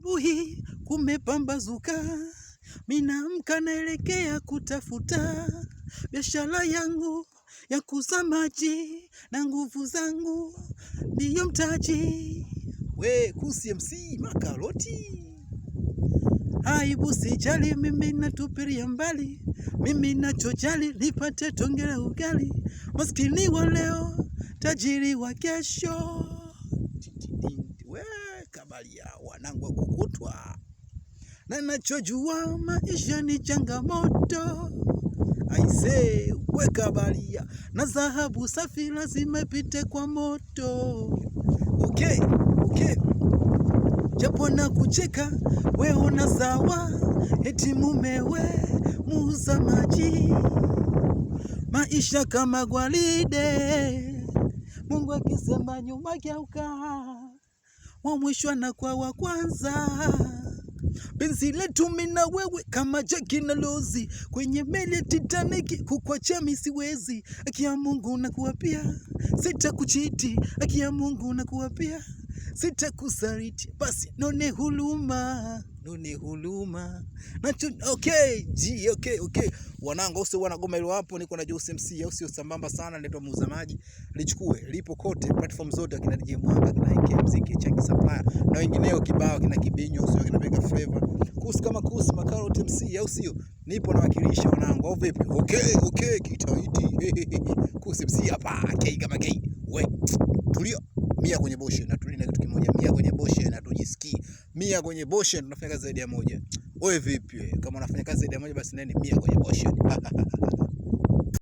Asubuhi kumepambazuka, minamka naelekea kutafuta biashara yangu ya kuuza maji na nguvu zangu ndiyo mtaji. We Kusi MC makaroti, aibu sijali, mimi natupiria mbali, mimi nachojali nipate tongera ugali, maskini wa leo tajiri wa kesho habari ya wanangu wa kukutwa, na nachojua maisha ni changamoto aise, weka baria na dhahabu safi lazima ipite kwa moto. Okay, okay. Japo na kucheka we una sawa, eti mumewe muuza maji, maisha kama gwaride, Mungu akisema nyuma yake ukaa wa mwisho anakuwa wa kwanza. Penzi letu mimi na wewe kama Jaki na Lozi kwenye meli ya Titanic, kukuacha mimi siwezi. Aki ya Mungu nakuapia, sitakuchiti. Aki ya Mungu nakuapia, sitakusaliti. Basi none huluma none huluma nacho. Okay ji okay okay, wanangu usi wanagoma hilo hapo. Niko na Jose MC au sio? Sambamba sana, naitwa Muuza Maji, lichukue lipo kote platform zote, akina DJ Mwanga, akina na wengineo kibao kina kibinywa, usio kinapeka flavor. Kuhusu kama kuhusu Makaro TMC au sio? Nipo na wakilisha wanangu au vipi? Okay, okay, kitaiti. Kuhusu MC hapa, kei kama kei We, tulio Mia kwenye boshe na tulina kitu kimoja. Mia kwenye boshe na tujisikii. Mia kwenye boshe tunafanya kazi zaidi ya moja. Wewe vipi? Kama unafanya kazi zaidi ya moja basi nani mia kwenye boshe.